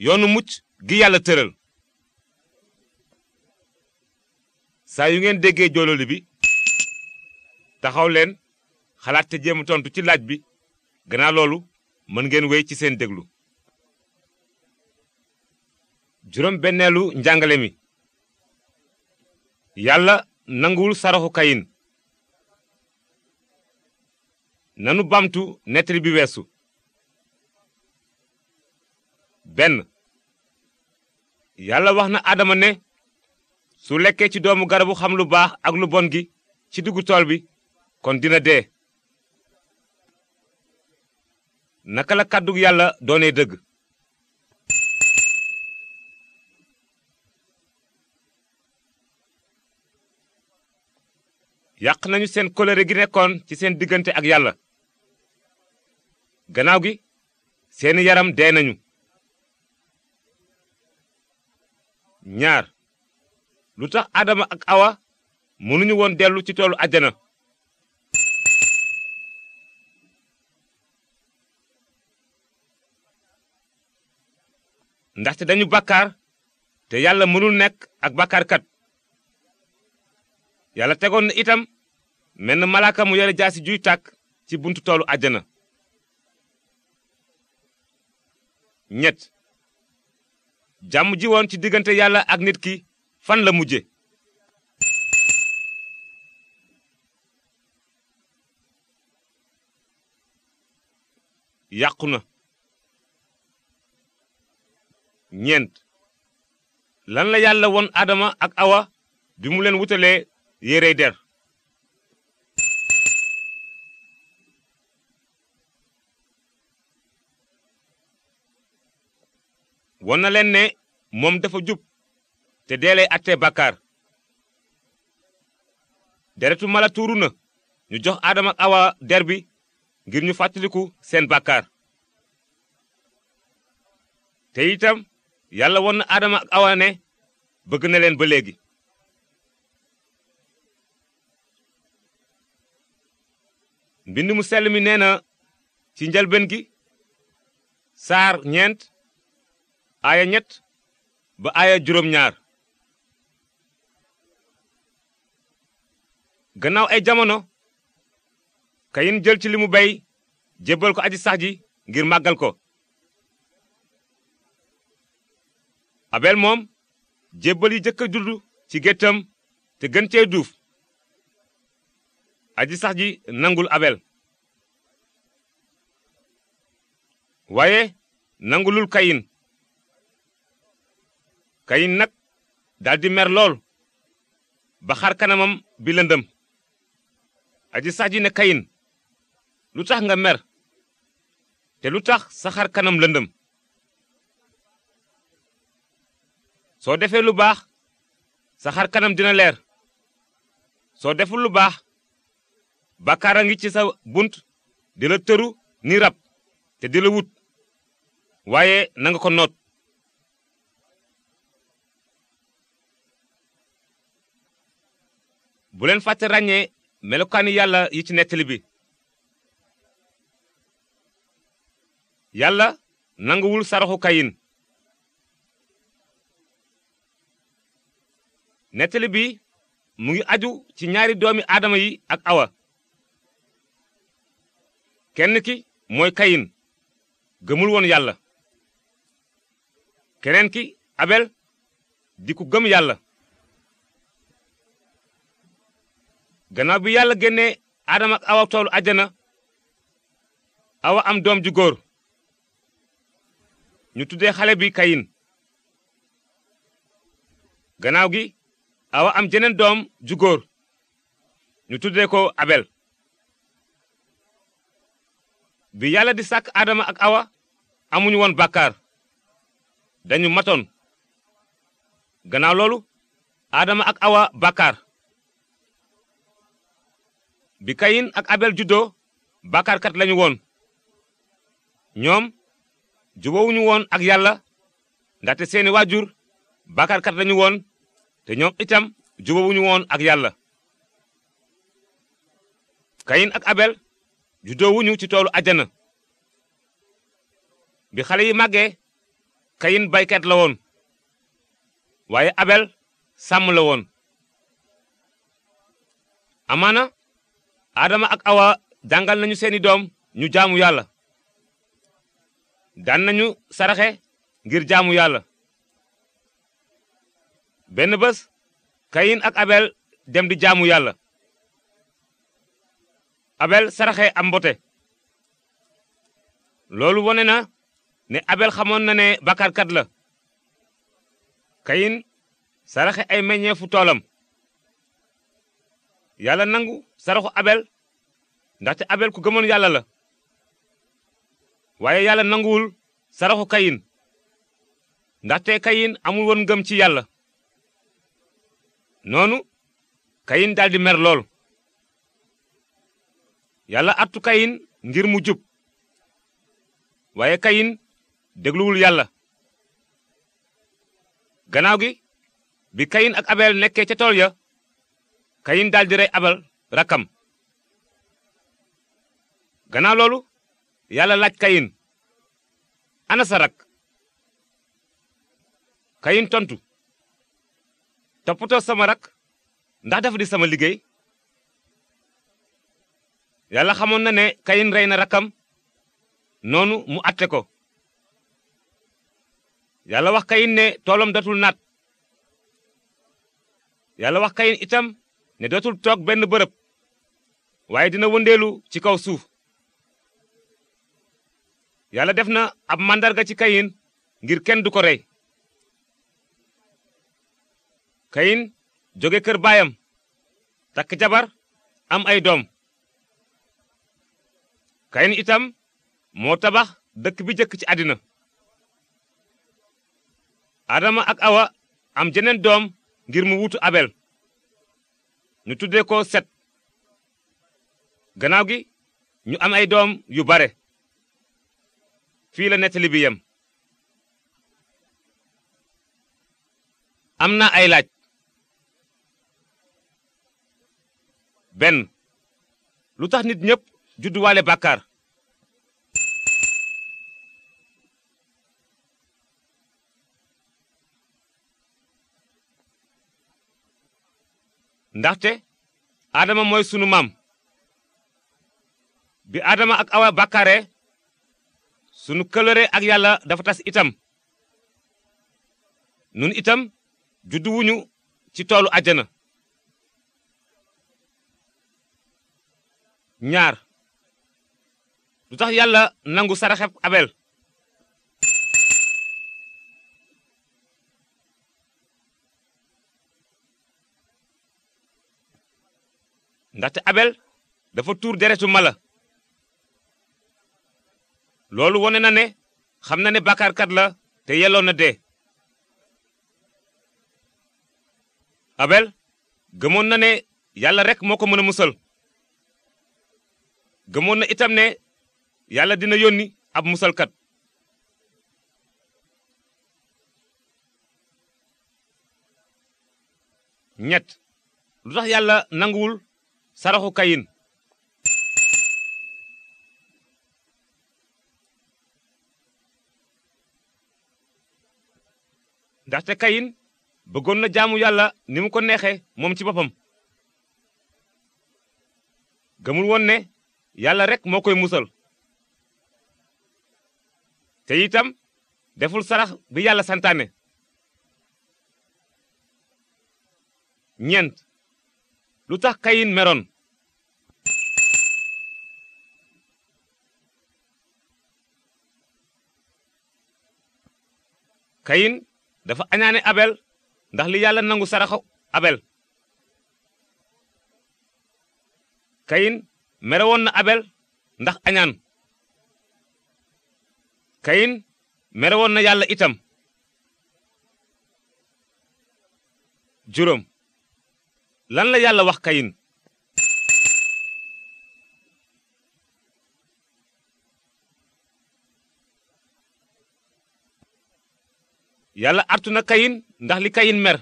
yoonu mucc gi yàlla tëral saa yu ngeen déggee joololi bi taxaw leen xalaat te jéem tontu ci laaj bi gannaaw loolu mën ngeen wéy ci seen déglu juróom benneelu njàngale mi yàlla nanguwul saraxu kayin nanu bamtu nettali bi weesu benn yàlla wax na aadama ne su lekkee ci doomu garabu xam lu baax ak lu bon gi ci diggu tool bi kon dina dee naka la kàddug yàlla doonee dëgg yàq nañu seen kóllëre gi nekkoon ci seen diggante ak yàlla gannaaw gi seeni yaram dee nañu ñaar lu tax Adama ak Awa mënuñu woon dellu ci toolu àjjana ndaxte dañu bàkkaar te yàlla mënul nekk ak bàkkaarkat yàlla tegoon na itam menn malaaka mu yara jaasi juy tàkk ci buntu toolu àjjana ñett jàmm ji woon ci diggante yàlla ak nit ki fan la mujje yàqu na ñeent lan la yàlla won aadama ak Awa bi mu leen wutalee yérey der won na leen ne moom dafa jub te deelee atte bàkkaar deretu mala tuuru na ñu jox aadama ak awa derbi ngir ñu fàttaliku seen bàkkaar te itam yàlla won aadama ak awa ne bëgg na leen ba léegi mbind mu sell mi nee na ci njëlbeen gi saar ñeent aaya ñett ba aaya juróom ñaar gannaaw ay jamono kayin jël ci li mu bay jébbal ko aji sax ji ngir màggal ko abel moom jébbal yi jëkk a juddu ci géttam te gën cee duuf aji sax ji nangul abel waaye nangulul kayin kayin nag daldi mer lool ba xar kanamam bi lëndëm aj sax ji ne kayin lu tax nga mer te lu tax saxar kanam lëndëm soo defee lu baax saxar kanam dina leer soo deful lu baax bàkkaar a ngi ci sa bunt dina tëru ni rab te di wut waaye nanga ko noot buleen fàtte ràññee melokaani yàlla yi ci nettali bi yàlla nanguwul saraxu kayin nettali bi mu ngi aju ci ñaari doomi aadama yi ak awa kenn ki mooy kayin gëmul woon yàlla keneen ki abel di ku gëm yàlla ganaaw bi yàlla génnee aadama ak awa toolu àjjana awa am doom ju góor ñu tuddee xale bi kayin gannaaw gi awa am jeneen doom ju góor ñu tuddee ko abel bi yàlla di sàkk aadama ak awa amuñu woon bàkkaar dañu matoon gannaaw loolu aadama ak awa bàkkaar bi kayin ak abel juddoo bàkkaarkat lañu woon ñoom jubawuñu woon ak yàlla ndaxte seeni waajur bàkkaarkat lañu woon te ñoom itam jubawuñu woon ak yàlla kayin ak abel juddoowuñu ci toolu ajjana bi xale yi màggee kayin baykat la woon waaye abel sàmm la woon aadama ak awa jàngal nañu seeni doom ñu jaamu yàlla daan nañu saraxe ngir jaamu yàlla benn bés kayin ak abel dem di jaamu yàlla abel saraxe am mbote loolu wone na ne abel xamoon na ne bakkaarkat la kayin saraxe ay meññeefu toolam yàlla nangu saraxu abel ndaxte abel ku gëmoon yàlla la waaye yàlla nanguwul saraxu kayin ndaxte kayin amul woon ngëm ci yàlla noonu kayin daldi mer lool yàlla artu kayin ngir mu jub waaye kayin dégluwul yàlla gannaaw gi bi kayin ak abel nekkee ca tool ya kayin daal di rey abal rakkam ganaa loolu yàlla laaj kayin ana sa rak kayin tontu toppatoo sama rakk ndax dafa di sama liggéey yàlla xamoon na ne kayin rey na rakkam noonu mu atte ko yàlla wax kayin ne toolam datul naat yàlla wax kayin itam ne dootul toog benn bërëb waaye dina wëndeelu ci kaw suuf yàlla def na ab màndarga ci kayin ngir kenn du ko rey kayin jóge kër baayam takk jabar am ay doom kayin itam moo tabax dëkk bi jëkk ci àddina aadama ak awa am jeneen doom ngir mu wutu abel ñu tuddee ko set gannaaw gi ñu am ay doom yu bare fii la nettali bi yem am na ay laaj benn lu tax nit ñépp judduwaale bàkkaar ndaxte Adama mooy sunu maam bi Adama ak Awa bàkkaare sunu kóllëre ak yàlla dafa tas itam nun itam judduwuñu ci toolu àjjana ñaar lu tax yàlla nangu saraxeb Abel ndaxte abel dafa tuur deretu mala loolu wone na ne xam na ne bàkkaarkat la te yelloon na dee abel gëmoon na ne yàlla rek moo ko mën a musal gëmoon na itam ne yàlla dina yónni ab musalkat ñett lu tax yàlla nanguwul saraxu kayin ndaxte kayin bëggoon na jaamu yàlla ni mu ko neexee moom ci boppam gëmul woon ne yàlla rek moo koy musal te itam deful sarax bi yàlla santaane ñent lu tax kayin meroon kayin dafa añaane abel ndax li yàlla nangu saraxu abel kayin merewoon na abel ndax añaan kayin merewoon na yàlla itam juróom lan la yàlla wax kayin yàlla artu na kayin ndax li kayin mer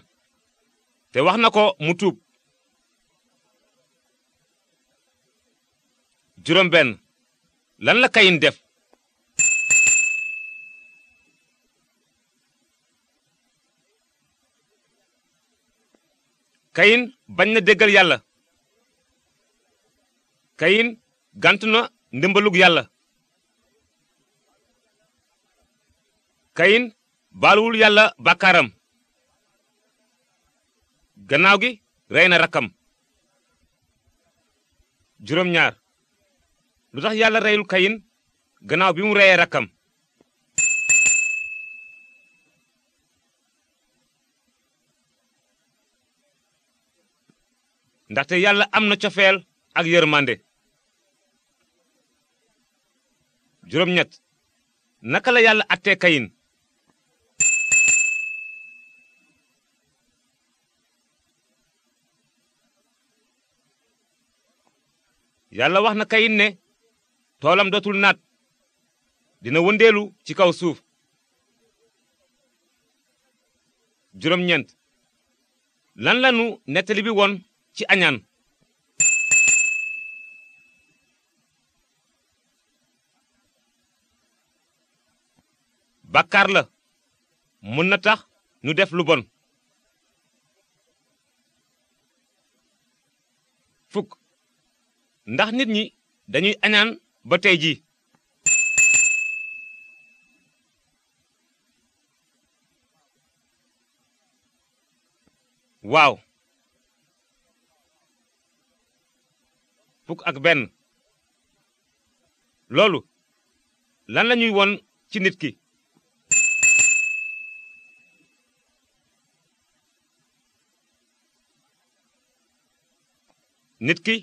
te wax na ko mu tub juróom benn lan la kayin def kayin bañ na déggal yàlla kayin gàntu na ndimbalug yàlla kayin baaluwul yàlla bàkkaaram gannaaw gi rey na rakkam juróom lu tax yàlla reyul kayin gannaaw bi mu reyee rakkam ndaxte yàlla am na cofeel ak yërmande juróom ñett naka la yàlla attee kayin yàlla wax na kayin ne toolam dootul naat dina wëndeelu ci kaw suuf juróom ñeent lan lanu nettali bi woon ci añaan bàkkaar la mën na tax nu def lu bon fukk ndax nit ñi dañuy añaan ba tey ji waaw fukk ak benn loolu lan la lañuy won ci nit ki nit ki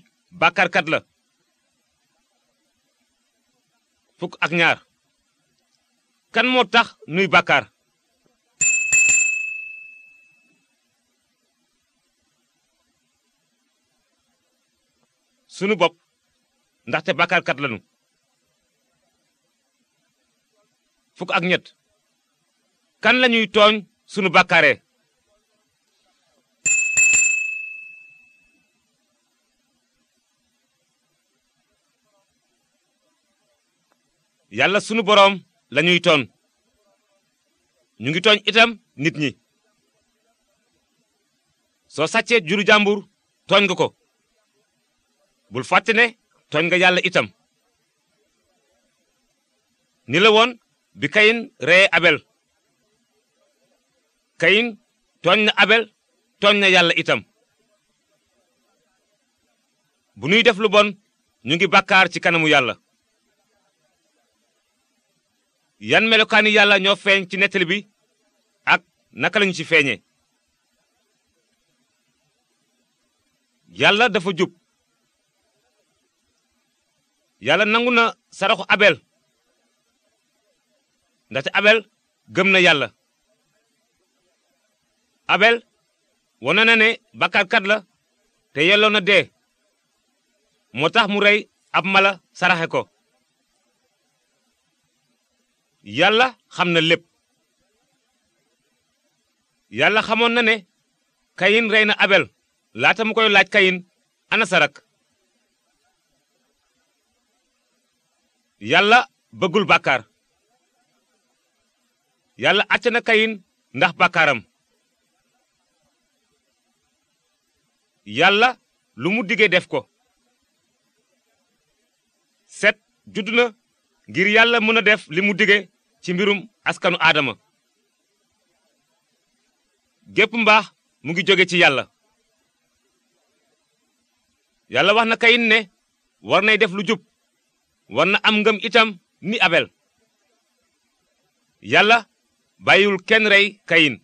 bàkkaarkat la fukk ak ñaar kan moo tax nuy bàkkaar sunu bopp ndaxte bàkkaarkat lanu fukk ak ñett kan la ñuy tooñ sunu bàkkaare yàlla sunu boroom la ñuy tooñ ñu ngi tooñ itam nit ñi soo sàccee juru jàmbur tooñ nga ko bul fàtte ne tooñ nga yàlla itam ni woon bi kayin reye abel kayin tooñ na abel tooñ na yàlla itam bu nuy def lu bon ñu ngi bàkkaar ci kanamu yàlla yan melokaani yàlla ñoo feeñ ci nettali bi ak naka lañu ci feeñee yàlla dafa jub yàlla nangu na saraxu abel ndaxte abel gëm na yàlla abel wane na ne bakkaarkat la te yelloo na dee moo tax mu rey ab mala saraxe ko yàlla xam na lépp yàlla xamoon na ne kayin rey na abel laata mu koy laaj kayin ana sarak yàlla bëggul bàkkaar yàlla àcc na kayin ndax bàkkaaram yàlla lu mu diggee def ko set judd na ngir yàlla mën a def li mu diggee ci mbirum askanu aadama gépp mbaax mu ngi jóge ci yàlla yàlla wax na kayin ne war nay def lu jub war na am ngëm itam ni abel yàlla bàyyiwul kenn rey kayin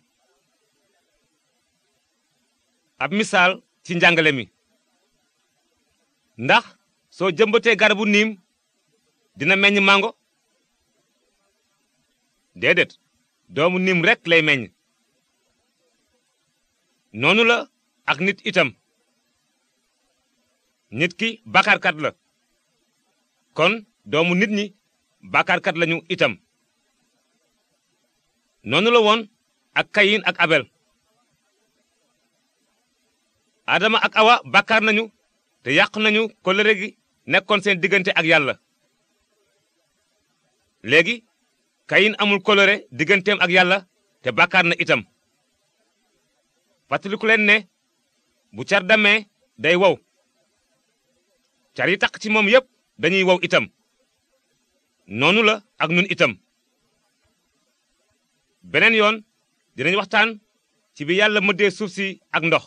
ab misaal ci njàngale mi ndax soo jëmbatee garabu niim dina meññ màngo déedéet doomu niim rekk lay meññ noonu la ak nit itam nit ki bakarkat la kon doomu nit ñi bàkkaarkat lañu itam noonu la woon ak kayin ak abel aadama ak awa bàkkaar nañu te yàq nañu kóllëre gi nekkoon seen diggante ak yàlla léegi kayin amul kóllëre digganteem ak yàlla te bàkkaar na itam fàttaliku leen ne bu car damee day wow car yi taq ci moom yépp dañuy wow itam noonu la ak nun itam beneen yoon dinañ waxtaan ci bi yàlla mëddee suuf si ak ndox